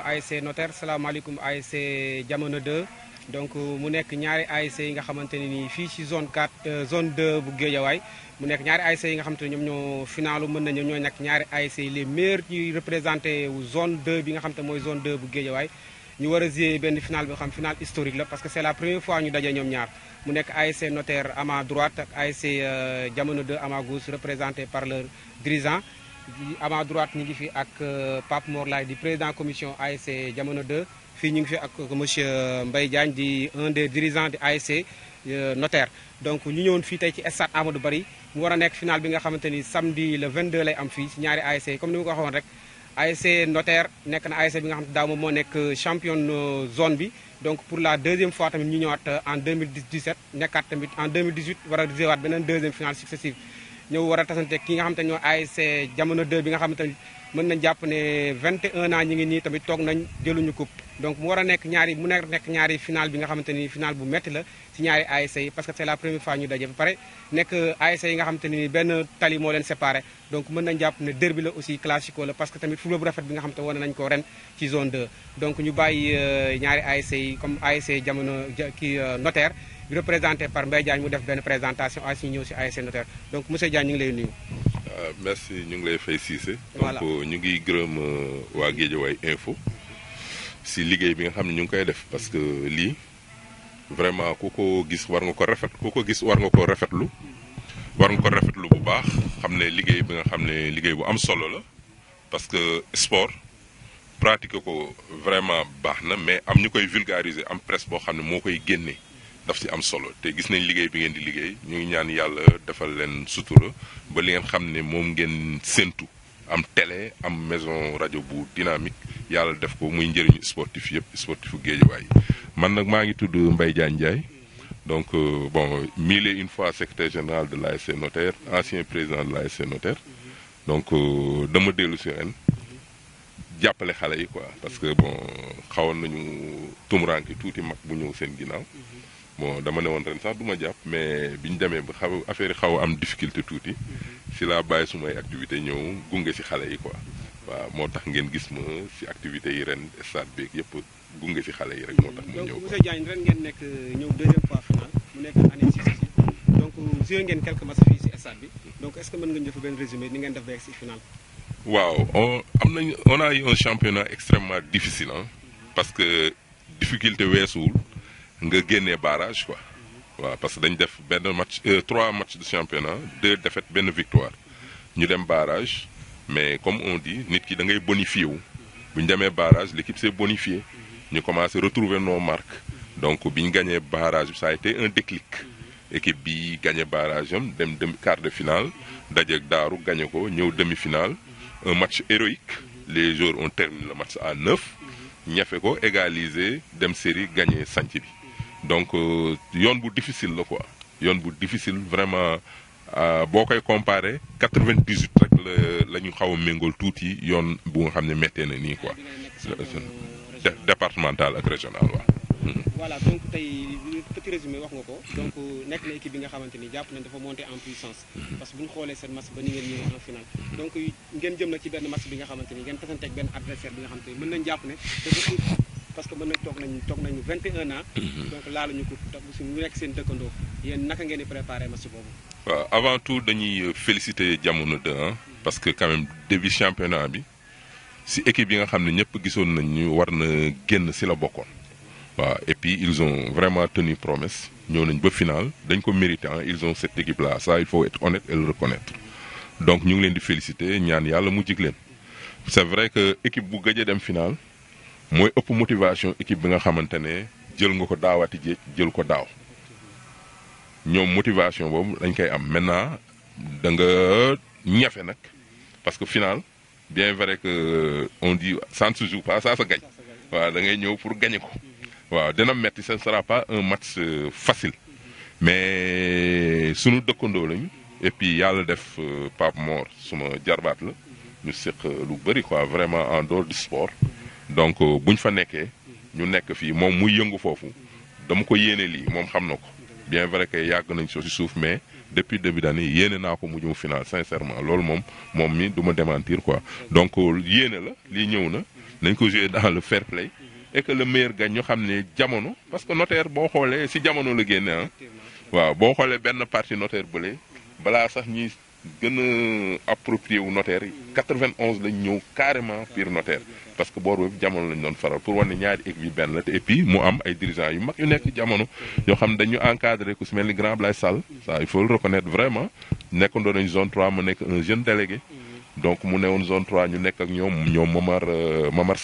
ASC Notaire salam salaamaaleykum ASC Jamono 2 donc euh, mu nek ñaari ASC yi nga xamanteni ni fi ci zone 4 euh, zone 2 bu Guédiawaye mu nek ñaari ASC yi nga xamanteni ñom ñoo finalu mëna nañu ñoo nekk ñaari ASC les meilleurs qui représenté zone 2 bi nga xam moy zone 2 bu Guédiawaye ñu wara a jouer benn final boo xam final historique la parce que c'est la première fois ñu dajé ñom ñaar mu nek ASC Notaire à ma droite ak ASC euh, Jamono 2 à ma gauche représenté par leur dirigeant à ma droite nous ngi fi ak euh, Pape le président di président commission ASC jamono 2 fii ñu ngi fi ak monsieur Mbaye Diagne di un des dirigeants de ASC euh, notaire donc ñu ñëwoon fii tey ci stade Amadou Barry mu war a finale final bi nga samedi le 22 lay am fii si ñaari ASC comme ni ma ko waxoon rek ASC notaire nekk na ASC bi nga xam ne daaw champion euh, zone bi donc pour la deuxième fois tamit ñu en 2017 nekkaat tamit en 2018 nous a gisewaat beneen deuxième finale successive ñëw war a tasante ki nga xam te ñoo ASC jamono 2 bi nga xam te mën nañ jàpp ne 21 ans ñu ngi nii tamit toog nañ jëluñu coupe donc mu war a nekk ñaari mu nekk ñaari final bi nga xamante ni final bu metti la ci ñaari ASC yi parce que c'est la première fois ñu daje pare nekk ASC yi nga xamante ni benn tali moo leen séparé donc mën nañ jàpp ne derby la aussi classico la parce que tamit football bu rafet bi nga xamante wane nañ ko ren ci zone 2 donc ñu bàyyi euh, ñaari ASC yi comme ASC jamono ki euh, notaire représenté par Mbaye Diagne def présentation aussi si donc monsieur Diagne ñu ngi euh, merci ñu ngi lay fay Cissé. donc euh, euh, info. si liguey bi nga vous ñu ngi koy def parce que li vraiment gis war nga ko rafet gis war nga ko war nga ko bu baax am solo la parce que sport pratique, vraiment baax mais am vulgariser am presse daf ci am solo te gis nañ liggéey bi ngeen di liggéey ñu ngi ñaan yàlla defal leen sutura ba li ngeen xam ne moom ngeen séntu am télé am maison radio bu dynamique yàlla def ko muy njëriñu sportif yëpp sportifu Guédiawaye man nag maa ngi tudd mbay Diagne Ndiaye donc euh, bon mille et une fois secrétaire général de l'ASC Notaire ancien président de l'ASC Notaire donc euh, dama dellu si ren jàppale xale yi quoi parce que bon xawoon nañu tumuraanke tuuti mag bu ñëw seen ginnaaw bon dama ne ren sax duma japp mais biñ démé ba xaw affaire xaw am difficulté touti mhm. si la baye sumay activité ñew gungé ci xalé yi quoi wa motax ngeen gis ma ci activité yi ren stade bi yépp gungé si xalé yi rek motax tax mu ñëw monsieur Diagne ren ngeen nek euh, ñew deuxième fois final mu nek année six donc joué ngeen quelques matchs fi ci stade bi donc est ce que mën nga ñu def benn résumé ni ngeen def beeg si final waaw on am nañ on a eu un championnat extrêmement difficile hein, parce que difficulté weesuwul nga avons barrage quoi barrage, parce que nous def benn euh, trois matchs de championnat deux défaites benn victoire ñu dem barrage mais comme on dit nous ki da bonifié wu avons barrage l'équipe s'est bonifiée ñu commencé retrouver nos marques donc nous avons gagné barrage ça a été un déclic L'équipe a gagné barrage dem demi quart de finale Darou daaru gagné ko demi-finale un match héroïque les joueurs ont terminé le match à neuf ñafe ko égaliser dem série gagné sanc bi donc euh, yoon bu difficile la quoi yoon bu difficile vraiment euh, boo koy comparer 98 avec le huit rek la la ñu xaw bu nga xam ne méttee na nii quoi euh, départemental et régional mm-hmm. voilà donc tey petit résumé wax nga ko donc nek na équipe bi nga xamanteni japp jàpp nañ dafa monter en puissance mm-hmm. parce que bu ñu xoolee match ba ni ngeen ñëwee en finale donc ngeen jëm na ci ben match bi nga xamanteni ni ngeen ak ben adversaire bi nga xamanteni ni mën nañ japp ne parce que nous nañ 21 ans. Mhm. donc là nous tax si mu nekk nous dëkkandoo yéen naka ngeen préparé monsieur Bobo. avant tout nous euh, féliciter jamono de hein, parce que quand même début championnat bi si équipe bien, nga xam ne ñëpp gisoon nañ ne war na la bokkoon. et puis ils ont vraiment tenu promesse ñëw nañ ba final dañ ko méritant, hein, ils ont cette équipe là ça il faut être honnête et le reconnaître donc nous ngi leen féliciter ñaan yàlla mu c'est vrai que l'équipe bu est en finale moy ëpp motivation équipe bi nga xamantene ne jël nga ko daawaati jéeg jël ko daaw ñom motivation boobu dañ koy am maintenant da nga ñafe nak parce que final bien vrai que euh, on dit ça ne se joue pas ça se gagne waaw da ngay ñëw pour gagner ko waaw dina metti ce sera pas un match euh, facile mais sunu dëkkandoo lañu et puis yalla def euh, Pape mort suma jarbat la ñu sék lu bari quoi vraiment en dehors du sport donc euh, buñ fa nekkee ñu nekk fi mom muy yëngu fofu dama ko yéene li mom xam ko bien vrai que yag nañ ci souf mais depuis début d'année yéné na ko mu final sincèrement lool mom mom mi duma démentir quoi donc euh, yéné la li ñëw na nañ ko jouer dans le fair play et que le meilleur gagne ñu xamné ne jamono parce que notaire bo xolé si jamono la génne hein waaw bo xolé ben partie notaire lé bla sax ñi gën a approprié aux notaire 91 lañ carrément pire notaire parce que si on jamono lañ faral pour nous. ñaari et puis mu dirigeants yu y yu nekk jamono qui xam encadré ku grands il faut le reconnaître vraiment Nous dans une zone 3 nous nekk un jeune délégué donc mu une zone 3 nous nekk ak moment sec, Mamar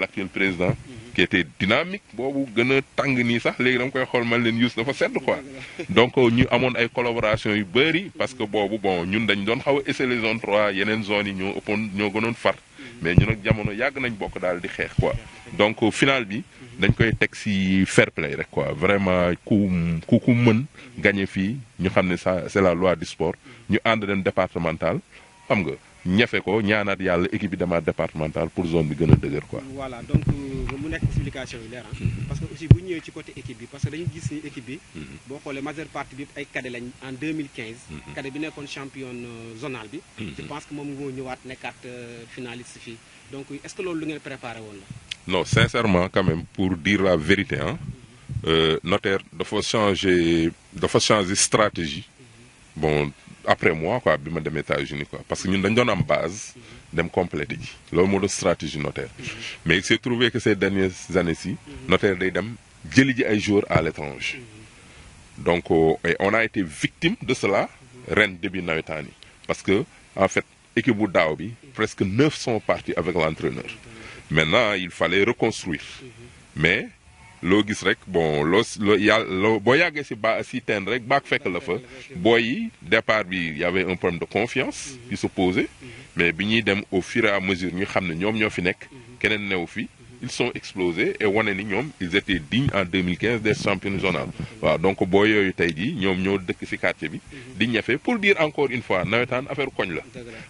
l'actuel président qui était dynamique bobu gëna tang ni sax légui dama koy xol man leen yus dafa sedd quoi donc ñu amone ay collaboration yu bëri parce que bobu bon ñun dañ doon xaw a essayer zone 3 yenen zone yi ñoo ëppoon ñoo gënoon far mais ñun nak jamono yag nañ bok dal di xex quoi donc final bi dañ koy tek ci fair play rek quoi vraiment ku ku ku mën gagner fi ñu xamné ça c'est la loi du sport ñu ànd dem départemental xam nga ñafeko ñaanat yalla équipe bi l'équipe départementale pour zone bi gëna deuguer quoi. voilà donc euh, mu nek explication yi leer hein. hmm. parce que aussi bu ñëw ci côté équipe bi parce que dañu gis ni équipe bi. Hmm. bo xolé majeure partie bi ay cadet lañ en 2015. Hmm, cadet bi nékkon champion euh, zonal bi. je pense que vous ngoo ñëwaat carte euh, finaliste fi donc est ce que vous lu ngeen préparé non sincèrement quand même pour dire la vérité ah. notaire dafa changer dafa changer stratégie. bon après moi quoi bima États-Unis quoi parce que nous avons une base dem compléter ji lolu mode stratégie notaire mhm. mais il s'est trouvé que ces dernières années ci mhm. notaire day dem jëli ay à l'étranger mhm. donc euh, on a été victime de cela reine de bien parce que en fait équipe bu presque 900 sont partis avec l'entraîneur maintenant il fallait reconstruire mais lo gis rek bon il y a boo yàggee si ba si teen rek baak fek la fa booy yi départ bi y avait un problème de confiance mhm. qui se posait mhm. mais biñi dem au fur et à mesure ñu xam ñom ñoom ñoo fi nek mhm. keneen new fi ils sont explosés et wane ni ñom ils étaient dignes en 2015 des champions zonales wa donc boy yooyu tay di ñom ñoo dëkk ci quartier bi di ñafé pour dire encore une fois nawetaan affaire koñ la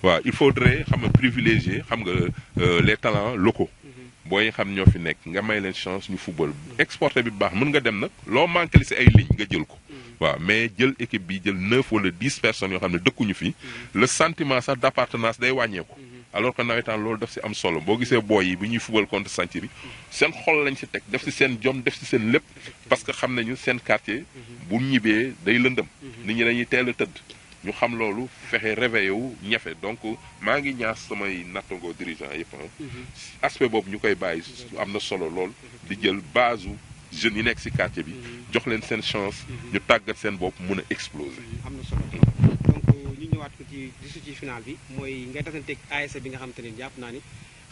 wa il faudrait xam nga privilégier xam nga euh, les talents locaux boy xam ñoo fi nekk nga may leen chance ñu football exporter bi baax mën nga dem nag loo manqué li si ay ligne nga jël ko mm. waaw mais jël équipe bi jël neuf wala 10 personnes yoo xam ne dëkkuñu fi mm. le sentiment sax d' appartenance day wàññeeku mm-hmm. alors que nawetaan loolu daf si am solo boo gisee boy yi bi ñuy football contre Santhiou bi mm. seen xol lañ si teg def si seen jom def si seen lépp parce que xam nañu seen quartier mm-hmm. bu ñibbee day lëndëm mm-hmm. nit ñi dañuy teel a tëdd ñu xam loolu fexe réveillé wu ñafe donc maa ngi ñaas samay nattango dirigeant yëpp mhm. aspect boobu ñu koy bàyyi am na solo lool di jël base jeunes yi nekk ci quartier bi mhm. jox leen seen chance mhm. ñu tàggat seen bopp mun a exploser. am na solo donc ñu ñëwaat ko ci dispositif final bi mooy ngay tasanteeg ASC bi nga xam te ne jàpp naa ni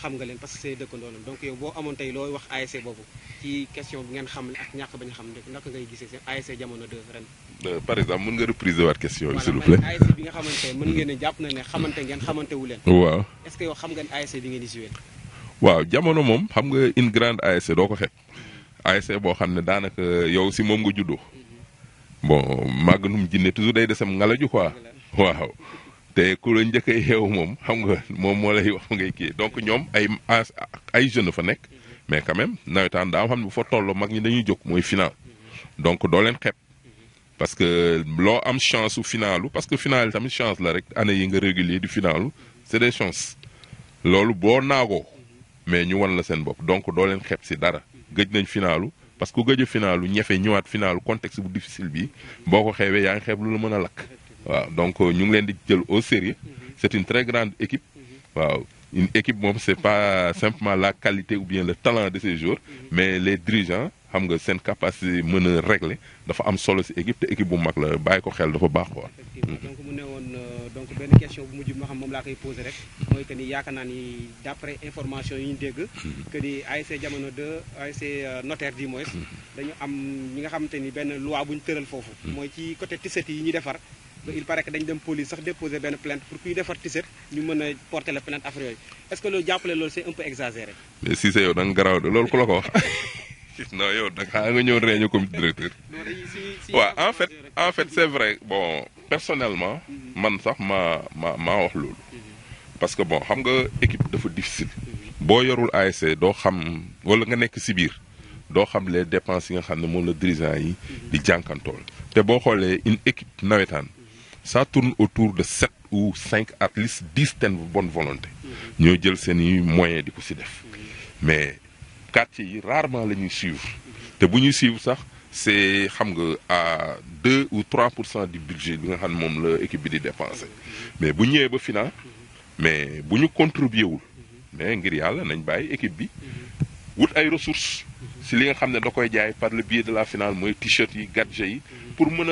xam nga leen parce que c'est dëkkandoo la donc yow boo amoon tey looy wax ASC boobu ci question bi ngeen xam ak ñàkk ba ñu xam ne naka ngay gisee seen ASC jamono 2 ren. Euh, par exemple mën nga repriser waat question yi s'il vous bi nga xamante ne mën ngeen a jàpp na ne xamante ngeen xamante leen. waaw est ce xam nga ne ASC bi ngeen waaw jamono moom xam nga une grande ASC doo ko xeeb. Mm-hmm. ASC boo xam ne daanaka yow si moom nga juddoo. bon màgganum jinne toujours day desam ngalaju quoi. waaw te ku la njëkk a yeewu moom xam nga moom moo lay wax ngay kii donc ñoom ay ay jeunes fa nekk. Mm-hmm. mais quand même nawetaan daa xam ne bu fa tolloo mag ñi dañuy jóg mooy final. Mm-hmm. donc doo leen xeeb. parce que lo am chance au final parce que final tamit chance la rek année yi nga régulier du final c'est des chances lolou bo nago mais ñu wan la sen bop donc nous len xeeb ci dara gëj nañ finaalu parce que ku nous a finaalu ñëwaat le contexte bu difficile bi boko xewé xeebee yaa lu mëna lak waaw donc euh, ñu ngi len di jël au sérieux c'est une très grande équipe waaw une équipe mom c'est pas simplement la qualité ou bien le talent de ces joueurs mais les dirigeants xam nga seen capacité mën a régler dafa am solo si équipe te équipe bu mag la bàyyi ko xel dafa baax quoi. Mhm. donc mu ne euh, donc benn question bu mujj bi ma xam moom laa koy poser rek. mooy que ni yaakaar naa ni d' après information yi ñu dégg. Mhm. que ni ASC jamono 2 ASC euh, notaire du moins. Mhm. dañu am ñi nga xamante ni benn loi bu ñu tëral foofu. mooy ci côté tiset yi ñuy defar. il paraît que dañ dem police sax déposer benn plainte pour kuy defar tiset ñu mën a porter la plainte affaire yooyu est ce que loolu jàppale loolu c' est un peu exagéré. mais si sa yow da nga garaaw de loolu ku la ko wax. non en fait en fait c'est vrai bon personnellement man sax m'a m'a parce que bon xam nga équipe dafa difficile Bo yorul ASC do xam wala nga nek si xam les dépenses yi nga xam Vous dirigeant yi di jankantol. Té bo une équipe Vous ça tourne autour de 7 ou cinq at least dix bonne volonté ñoo jël seen moyens di ko mais quartier rarement les nous suivre. Te bougnis suivre ça, c'est hamgo à 2 ou 3% du budget d'un grand nombre l'équipe des dépenses. Mais bougnis est bon final, mais bougnis contribue ou, mais en gréal, n'importe quelle équipe wut ay ressources si li nga xam da koy jaay par le biais de la finale moy t-shirt yi gadget yi pour mën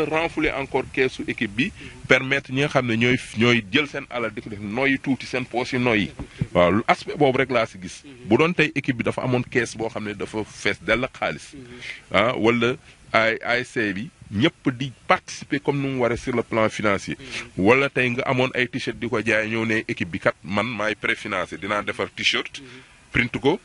a encore keesu équipe bi permettre ñi nga xam ñoy ñoy jël sen alal di def noy touti sen poche yi noy waaw lu aspect bobu rek la ci gis bu doon tay équipe bi dafa amone caisse bo xam dafa fess dell ak ah wala ay ASC bi ñëpp di participer comme nous waré sur le plan financier wala tay nga amone ay t-shirt diko ko jaay ñëw équipe bi kat man maay préfinancé dina défar t-shirt print ko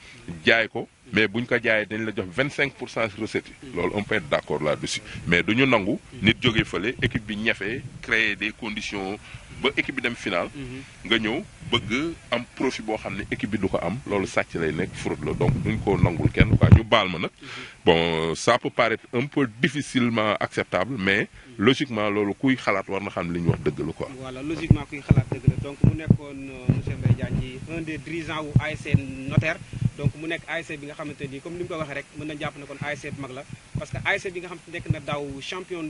jaay ko mais buñ ko jaayé dañ la jox 25% recette yi on peut être d'accord là-dessus mais duñu nangu nit jógee feulé équipe bi ñafé créer des conditions ba équipe bi dem final mhm. nga ñëw bëgg am profit bo xamné équipe bi duko ko am loolu sàcc lay nek fruit la donc duñ ko nangul kenn quoi ñu bal ma nak mhm. bon ça peut paraître un peu difficilement acceptable mais mhm. logiquement loolu kuy xalat war na xam li ñu wax dëgg lu quoi. voilà logiquement kuy xalat dëgg la donc mu nekkoon euh, un des dirigeants wu ASC notaire donc mu nekk ASC bi nga xamante comme ni mu ko waxee rek mën na jàpp ne kon ASC bu mag la parce que ASC bi nga xamante nekk na daaw champion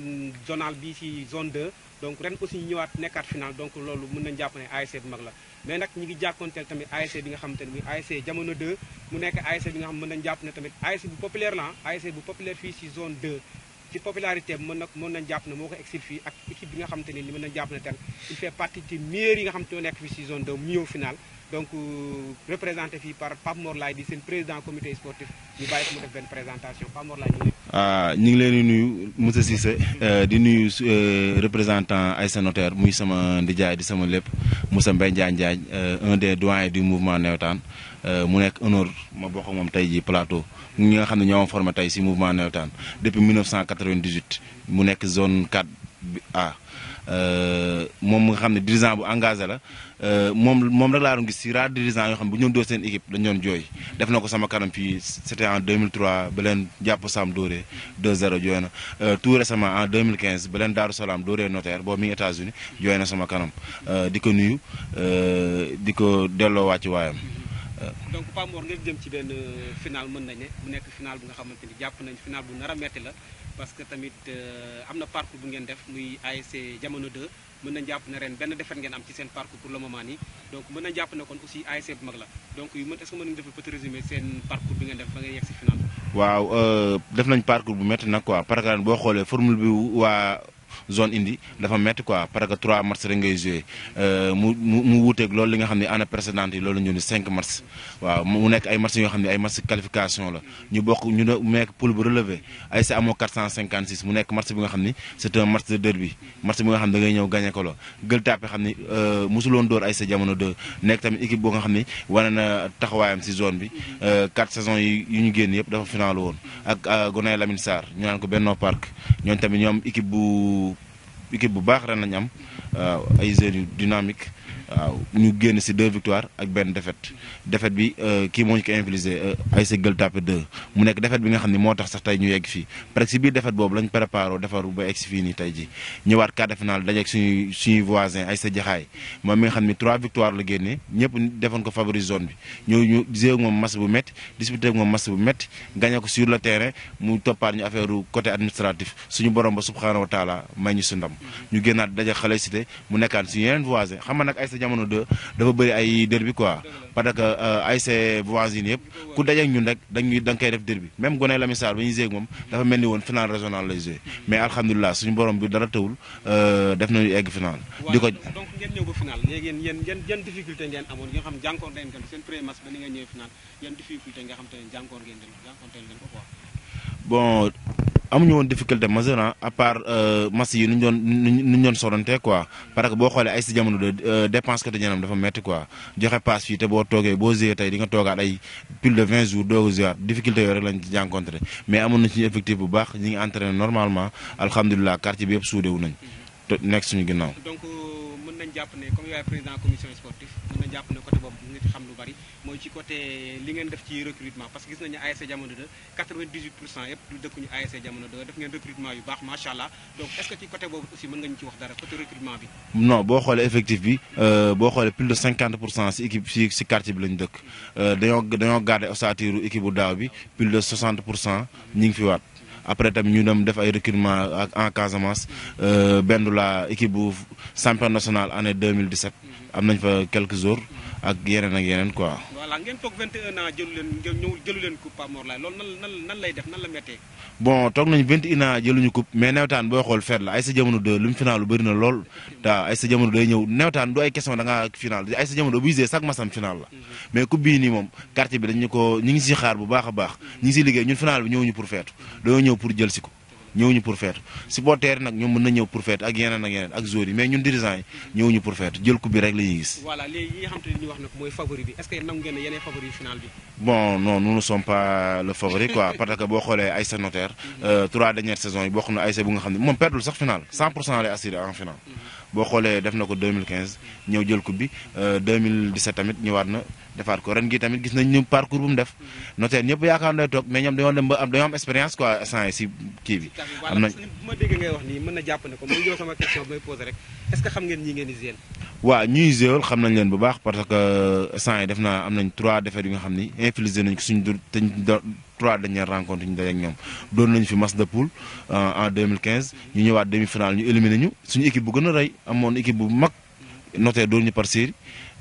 zonal bi ci zone 2 donc ren aussi ñëwaat nekkaat final donc loolu mën nañ jàpp ne ASC bu mag la mais nag ñi ngi jàkkoonteel tamit ASC bi nga xamante ne ASC jamono 2 mu nekk ASC bi nga xam mën nañ jàpp ne tamit ASC bu populaire la ASC bu populaire fii ci zone 2 ci popularité mën na mën nañ jàpp ne moo ko exil ak équipe bi nga xamante ni mën nañ jàpp ne tel il fait partie des meilleurs yi nga xam te nekk ci zone 2 mu ñëw final donc euh, représenté fi par Pape Mor di président comité sportif Il va ko mu def ben présentation Pape Mor Nous ñi ah, ngi leen nuyu monsieur Cissé euh, di nuyu euh, représentant Aïssa Notaire muy sama ndijaay di sama Moussa Mbaye Ndiaye Ndiaye un des doyens du mouvement euh, mu nek honneur ma bokk mom tay ji plateau ñi nga xamni ñoo formé mouvement Néotan, depuis 1998 mu nek zone 4 A Euh, moom mu nga xam ne dirigeant bu engage la euh, moom moom rek laa doon gis si raar dirigeant yoo xam ne bu ñu doon seen équipe dañu ñoon jooy def na ko sama kanam fii c'était en 2003 ba leen jàpp Sam Dóoree 2-0 jooy na euh, tout récemment en 2015 ba leen Daaru Salaam Dóoree notaire boobu mi ngi États-Unis jooy na sama kanam di ko nuyu di ko delloo wàcc waayam donc Pa Mor nga jëm ci benn euh, final mën nañ ne mu nekk final bu nga xamante ni jàpp nañ final bu nar metti la parce que tamit euh, am na parcours bu ngeen def muy ASC jamono de mën nañ jàpp ne ren benn defet am ci seen parcours pour le moment nii donc mën nañ jàpp ne kon aussi ASC bu mag la donc yu mën est mën nañu defal petit résumé seen parcours bi ngeen def ba nga yegg si final waaw euh, def nañ parcours bu metti nag quoi parce boo xoolee formule bi waa zone indi dafa métti quoi parce que 3 match rek euh, mu mu mu loolu li nga xam ne année précédente yi loolu ñu ni 5 match waaw mu nekk ay match yoo xam ne ay match qualification la ñu bokk ñu nekk poule bu relevé ay sa amoo 456 mu nekk match bi nga xam ne c'est un match de derby match bi nga xam ne da ñëw gagné ko la gël tàppe xam ne euh, mosuloon dóor ay sa jamono 2 nekk tamit équipe boo nga xam ne wane taxawaayam si zone euh, yi yu ñu génn yëpp dafa final woon ak Gonay Lamine équipe bu baax ren nañ am euh, ay jeunes yu waaw ñu génn si deux victoires ak benn défaite défaite bi euh, kii moo ñu ko infligé euh, ay sa Gueule Tapée 2 mu nekk défaite bi nga xam ni moo tax sax tey ñu yegg fii parce que si biir défaite boobu lañ préparé defaru ba egg si fii nii tey ji ñëwaat quart de finale dajeeg suñuy suñuy voisin ay sa jaxaay moom mi nga xam ne trois victoires la génnee ñëpp defoon ko favori zone bi ñëw ñu gisee moom match bu métti disputé ak moom match bu métti gagné ko sur le terrain mu toppaat ñu affaire côté administratif suñu borom ñu su ndam ñu génnaat daje xale cité mu nekkaat suñu yeneen voisin jamono 2 dafa bëri ay derby quoi parce que euh, ay ses voisines yëpp ku dajeek ñun rek dañuy da nga koy def derby même gone Lamine Sarr ba ñuy jéeg moom dafa mel ni woon final régional lay joué mais alhamdulilah suñu borom bi dara tëwul euh, def nañu egg final. di ko donc ngeen ñëw ba final léegi yéen yéen yan difficulté ngeen ñëwee final yan bon. amuñu woon difficulté majeure à part euh, masse yi nu ñu doon nu ñu doon boo xoolee ay si jamono de euh, dépense quotidienne dafa metti quoi joxe paas fii te boo toogee boo gérer tey di nga ay plus de jours doog a difficulté yooyu rek lañ ci mais amoon na ci effectif bu baax ñi ngi normalement alhamdulilah quartier bi yëpp suudewu nañ te nekk suñu ginnaaw. donc euh, jàpp côté boobu dina ci xam lu bari moy ci côté li ngeen def ci recrutement parce que gis nañu ASC Jamono de 98 pour du yëpp ñu ASC Jamono de def ngeen recrutement yu baax machallah donc est ce que ci côté boobu aussi mën nga ñu ci wax dara côté recrutement bi. non bo xolé effectif bi euh bo xolé plus de 50 ci équipe ci si quartier bi lañu dëkk euh dañoo dañoo garder ossature équipe bu bi plus de 60 pour ngi fi waat. après tam ñu dem def ay recrutement ak en Casamance euh, benn la équipe bu champion national année 2017. am nañ fa quelques jours ak yeneen ak yeneen quoi. voilà ngeen toog 21 ans jëlu leen coupe Pape Mor Laye loolu nan lay def nan la méttee. bon toog nañ 21 ans jëluñu coupe mais nawetaan boo xool feet la ay sa jamono de lim final lu bëri na lool te ay sa jamono day ñëw nawetaan du ay question da ngaa ay sa jamono obligé chaque masam final la. Mhm. mais coupe bii nii moom quartier bi dañu ko ñu ngi siy xaar bu baax a baax. ñu ngi siy liggéey ñun final bi ñëwuñu pour feetu dañoo ñëw pour jël si ko. ñëwuñu pour fête supporter pour fête ak yenen ak yenen ak mais ñun pour fête jël coupe bi rek voilà xam tane ñu wax est-ce que ngeen yene favori final bon non nous ne sommes pas le favori quoi parce que boo xoolee Aïssa Notaire euh, trois dernières saisons yi bokk na Aïssa bu nga xam perdul sax final 100 pour assuré en final. Mm-hmm. boo xoolee def na ko mille 2015 ñëw jël ko bi 2017 euh, tamit ñëwaat na defaat ko ren gi tamit gis nañ ñu parcours bu mu def notaire ñëpp yaakaar na toog mais ñoom dañoo dem ba am dañoo am expérience quoi sans wax nii mën na jàpp ne ko muy sama question bi xam ngeen ñi ngeen di waaw ñuy gérer xam nañ leen bu baax parce que euh, sans def naa am nañ trois défaites yu nga xam ni infligé nañ ko suñu dur te trois dernières rencontres ñu daje ak ñoom doon nañu fi match de poule euh, en 2015 ñu ñëwaat demi finale ñu éliminé ñu suñu équipe bu gën a rey amoon équipe bu mag noté doon ñu par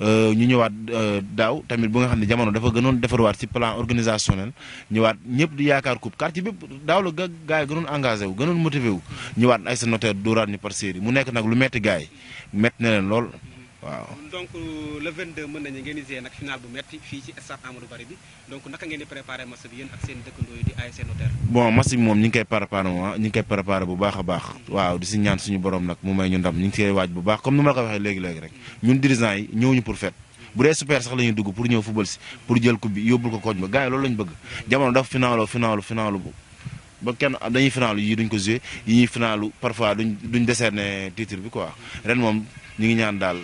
euh, ñu ñëwaat euh, daaw tamit bu nga xam ne jamono dafa gënoon defarwaat ci plan organisationnel ñëwaat ñëpp di yaakaar coupe quartier bépp daaw la gars yi gënoon engagé wu gënoon motivé wu ñëwaat ay sa noté dooraat ñu par série mu nekk nag lu metti gars yi metti na leen waaw donc euh, le 22 mën nañu ngeen di gisee nag final bu fii ci stade Amadou naka ngeen di préparé match bi yéen ak seen dëkkandoo di ASC Notaire. bon match bi moom ñu ngi koy préparé moom ah, ñu ngi koy préparé bu baax a baax. borom nag mu may ñu ndam ñu ngi koy waaj bu baax comme ni ma la ko waxee léegi léegi rek ñun dirigeants yi ñëwuñu pour fête. bu dee super sax la ñuy dugg pour ñëw football si pour jël coupe bi yóbbul ko koñ ba gars yi loolu lañ bëgg jamono dafa finaalu bi quoi ren moom ñu ngi ñaan daal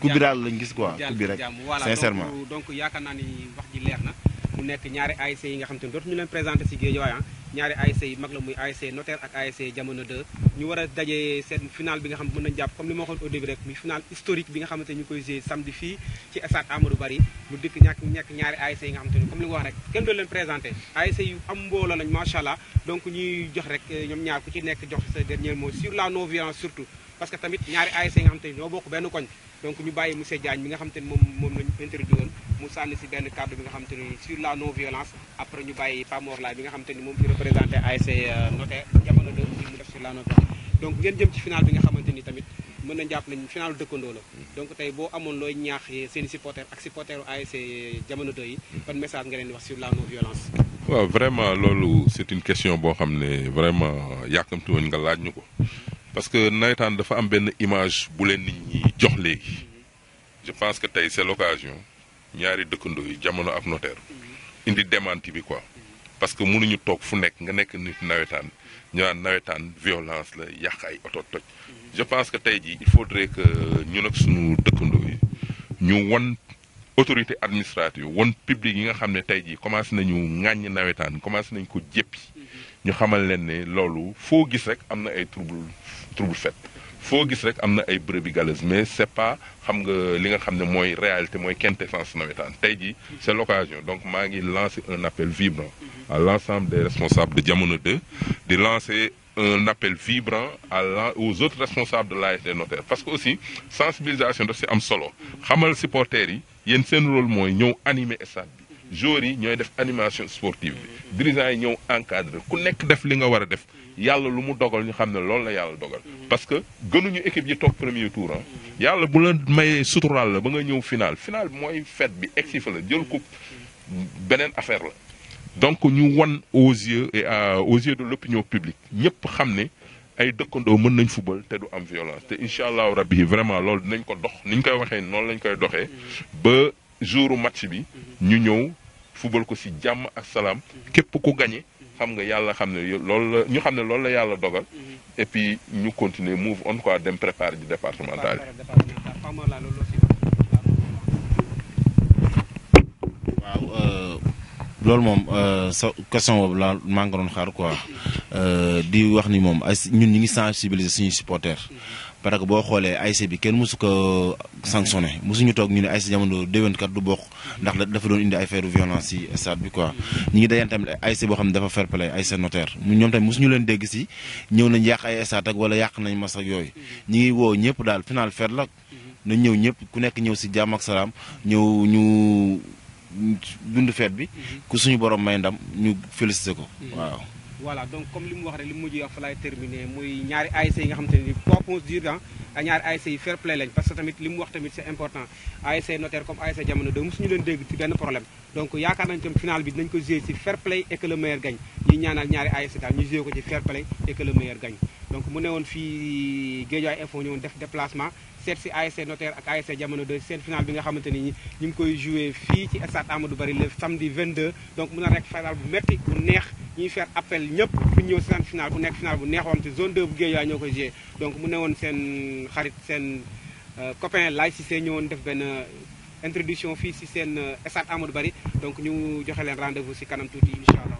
coupe lañ gis quoi coupe rek sincèrement donc yaakaar ni wax ji leer mu nekk ñaari ASC yi nga xam te ne dootuñu leen présenté si Guédiawaye ah. ñaari ASC yi mag la muy ASC Notaire ak ASC Jamono 2 ñu wara dajé sen finale bi nga xam mëna nañ jàpp comme li mo waxoon au début rek mi finale historique bi nga xamante ñu koy jouer samedi fi ci stade Amadou Barry mu dikk ñak ñàkk ñaari ASC yi nga xamante ni comme li wax rek kenn do leen présenter ASC yu am mbolo lañ machallah donc ñuy jox rek eh, ñom ñaar ku ci nekk jox sa dernier mot sur la non violence surtout parce que tamit ñaari ASC nga xam ñoo bokk benn koñ donc ñu bayyi monsieur Diagne mi nga xamanteni mom mom lañu moom interview woon mu sànni si benn cadre bi nga xamanteni sur la non violence après ñu bayyi bàyyi mort Laay bi nga xamanteni mom fi représenter ci représenté euh, ASC Notaire jamono de mu def sur la non violence donc ngeen jëm ci final bi nga xamanteni tamit mën nañ japp nañ final de dëkkandoo la donc tay bo amoon loy ñaax seen supporter ak supporteru ASC euh, jamono de yi ban message nga leen wax sur la non violence waaw vraiment loolu c'est une question boo xam ne vraiment yàkkamti woon nga laaj ñu ko parce que nawetaan dafa am ben image bu len nit ñi jox léegi je pense que tay c'est l'occasion ñaari dëkkandoo yi jamono ak notaire indi démenti bi quoi parce que mënuñu tok fu nek nga nek nit nawetaan ñu naan nawetaan violence la yàq ay oto toj je pense que tay ji il faudrait que ñun ak suñu dëkkandoo yi ñu won autorité administrative won public yi nga xamné tay ji jii commencé nañu ŋàññ nawetaan commencé nañ ko jéppi nous xamal leen ne loolu foo gis rek am na ay trouble trouble fait. foo gis rek am na ay brebis mais ce n'est pas xam nga li nga xam ne réalité mooy quintessence nawetaan tey jii c' est l' donc je ngi un appel vibrant à l'ensemble des responsables de Diamono 2 de lancer un appel vibrant aux autres responsables de l'ASC Notaire parce que aussi sensibilisation daf si am solo xamal supporters yi yéen seen rôle mooy ñëw animer stade jour, yi ñooy def animation sportive bi dirigeants yi ñëw encadré ku nekk def li nga wara def yalla lu mu dogal ñu xamne loolu la yalla dogal mhm. parce que gënuñu équipe yi toog premier tour hein yalla bu la mayee sutural ba nga ñëw final final moy fête bi egsi la jël coupe benen affaire la donc ñu won aux yeux et aux yeux de l'opinion publique ñepp xamne ay dekkondo mën nañ football té du am violence té inshallah allahu rabbi vraiment loolu dinañ ko dox ni ñu koy waxé non lañ koy doxé mhm. ba jouru match bi mhm. ñu ñëw football ko ci jàmm ak salam képp ko gagné xam nga yalla xam ne loolu ñu xam ne loolu la yalla dogal et puis ñu continuer move on quoi dem préparer ji départemental yi euh loolu mom euh question boobu laa maa ngi doon xaar quoi euh di wax ni mom ñun ñi ngi sensibiliser suñu supporters parce que boo xoolee ASC bi kenn mosu ko sanctionné mosuñu toog ñu ne ASC jamono déwén kat du bokk ndax dafa doon indi ay feeru violence si stade bi quoi ñu ngi dajeen tamit ASC boo xam ne dafa fair play ASC notaire ñoom tamit mosuñu leen dégg si ñëw nañ yàq ay ak wala yàq nañ mas yooyu ñu ngi woo ñëpp daal final fair la nañ ñëw ñëpp ku nekk ñëw si jàmm ak salaam ñëw ñu dund feet bi ku suñu borom may ndam ñu félicité ko waaw voilà donc comme li mu wax rek li mu mujj wax fa terminer terminé muy ñaari ASC yi nga xamanteni ne trois points dur ah ñaari ASC yi fair play lañ parce que tamit li mu wax tamit c'est important ASC notaire comme ASC jamono de mosuñu leen dégg ci benn problème donc yaakaar nañ tam final bi dinañ ko jouer ci fair play et que le meilleur gagne ñi ñaanal ñaari ASC daal ñu jouer ko ci fair play et que le meilleur gagne donc mu néwon fi fii Guédiawaye Infos def déplacement seet si ASC notaire ak ASC jamono 2 seen final bi nga xamanteni ni ñu ngi koy jouer fi ci stade Amadou Barry le samedi 22 donc mu na rek final bu metti bu neex ñuy faire appel ñëpp pour ñëw seen final bu nekk final bu neexoon te zone 2 bu Guédiawaye ñoo koy joué donc mu ne woon seen xarit seen euh, copain Laye Cissé ñëwoon def benn euh, introduction fii si seen euh, stade Amadou bari donc ñu joxe leen rendez-vous si kanam tuuti incha allah.